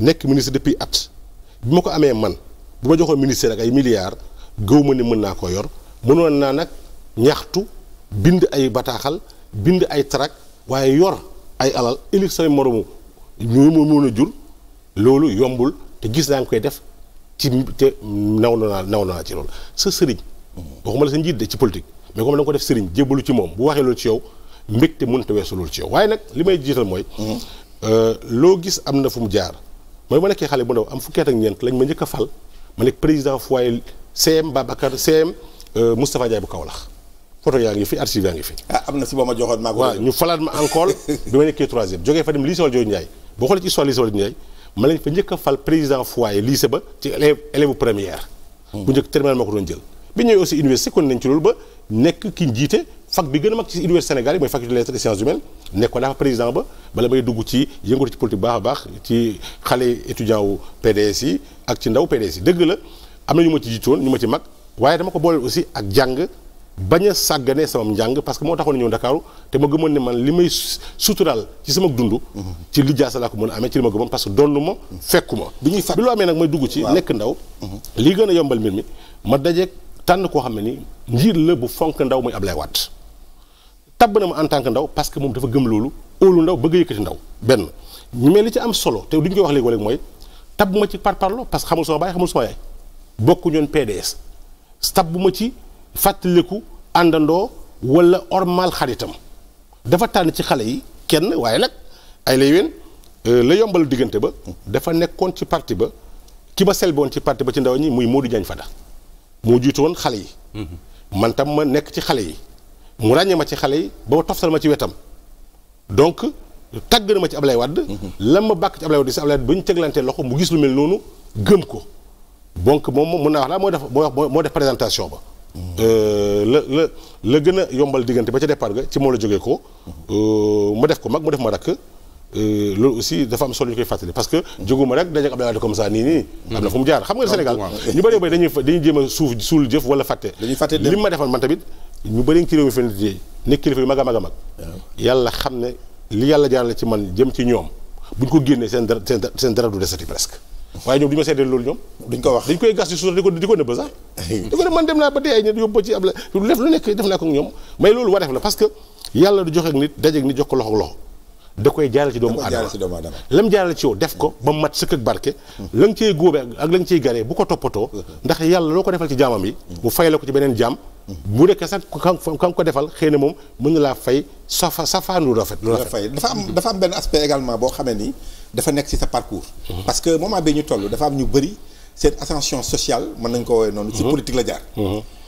nekk ministre depuis at bi ma ko amee man bu ma joxoon ministère ak ay milliards gëw ma ne mën naa ko yor mënoon naa nag ñaxtu bind ay bataaxal bind ay tract waaye yor ay alal élif say moromu ñu mu mën a jur loolu yombul te gis naa nga koy def ci te naw naa naw naa ci loolu sa sëriñ waxuma la sa njiit de ci politique mais comme da nga ko def sëriñ jébbalu ci moom bu waxee loolu ci yow mbégte mënut a weesu loolu ci yow waaye nag li may jiital mooy mm. euh, loo gis am na fu mu jaar mooy ma nekkee xale bu ndaw am fukki at ak ñeent lañ a fal ma nekk président foyer CM Babacar CM euh, Moustapha Diaye bu Kaolack photo yaa ngi fi archive ngi fi. Ah, am na si boo ma joxoon maa ko waaw ñu falaat ma encore bi ma nekkee troisième jógee fa dem lycée Valdiodio Ndiaye boo xoolee ci histoire njëkk a fal président foyer lycée ba ci élève élève première. Hmm. bu njëkk terminal moo ko doon jël. bi ñëwee aussi université kon nañ ci loolu ba nekk kii njiite fac bi gën a mag ci université Sénégal yi mooy faculté des lettres et sciences humaines nekkoon fa président ba bala may dugg ci yëngatu ci politique baax a baax ci xale étudiant wu PDS yi ak ci ndaw PDS yi dëgg la am na ñu ma ci jiitoon ñu ma ci mag waaye dama ko booleel aussi ak jàng bañ a sàgganee sama njàng parce que moo taxoon ñëw Ndakaaru te ma gëmoon ne man li may suturaal ci sama dund. ci li jaasa laa ko mën a amee ci li ma gëmoon parce que donnu ma fekku ma. bi ñuy fàq loo amee nag may dugg ci nekk ndaw. Mhm. lii gën a yombal mbir mi ma dajeeg tànn koo xam ne ni njiit la bu fonk ndaw muy Ablaye Wade tabb na ma en tant que ndaw parce que moom dafa gëm loolu óolu ndaw bëgg a yëkkati ndaw benn mel li ci am solo te ñu koy wax léegi wala mooy bu ma ci parparlo parce que xamul sama baay xamul sama yaay bokk ñoon ma ci fàttaliku àndandoo walla ormal xaritam dafa tànn ci xale yi kenn waaye nag ay lay ween euh, la yombal diggante ba dafa nekkoon ci parti ba ki ma selboon ci parti ba ci ndaw ñi muy Modou Diagne Fada moo jiitu woon xale yi mm-hmm. man tam ma nekk ci xale yi mu ràññee ma ci xale yi ba ma toftal ma ci wetam donc tàgg na ma ci Ablaye Wade mhm. lan ma bàkk ci Ablaye Wade si Ablaye Wade ba ñu teglantee loxo mu gis lu mel noonu gëm ko donc moom mun naa wax daal moo def moo moo def présentation ba mhm. euh, la la la gën a yombal diggante ba ca départ ga ci moo la jógee ko mhm. euh, ma def ko mag mu def ma rakk euh, loolu aussi dafa am solo ñu koy fàttali parce que jóguma rek dajeek Abdoulaye Wade comme ça nii nii am na fu mu jaar xam nga Sénégal ñu bëree bëri dañuy dañuy jéem a suuf suul jëf wala fàtte li ma defoon man tamit ñu bëri ci réew mi fi mu nekk kilifa yu mag a mag a mag. yàlla xam ne li yàlla jaarale ci man jëm ci ñoom bu ñu ko génnee seen dara seen dara du desati presque. waaye ñoom du ñu ma seedee loolu ñoom. ko wax dañ koy gas ci suuf di ko di sax. di ko ne man dem naa ba tey ay ñoom yóbbu ci ab la lu def lu nekk def naa ko ak ñoom mais loolu wareef la parce que yàlla du joxe koy jaarale ci doomu aadama da lam jaarale ci yow def ko ba mat sëkk ak barke. la nga cey ak la nga cey bu ko toppatoo. ndax yàlla loo ko defal ci jaamam yi. mu fay la ko ci beneen jaam bu dee sax ka ko defal xëy na moom mën na laa fay safa safaan lu rafet. lu rafet dafa am dafa am benn aspect également boo xamee ni dafa nekk si sa parcours. Mhm. parce que moment bi ñu toll dafa am ñu bëri seen ascension sociale mën nañ ko woowee noonu. ci mhm. politique la jaar. Mhm.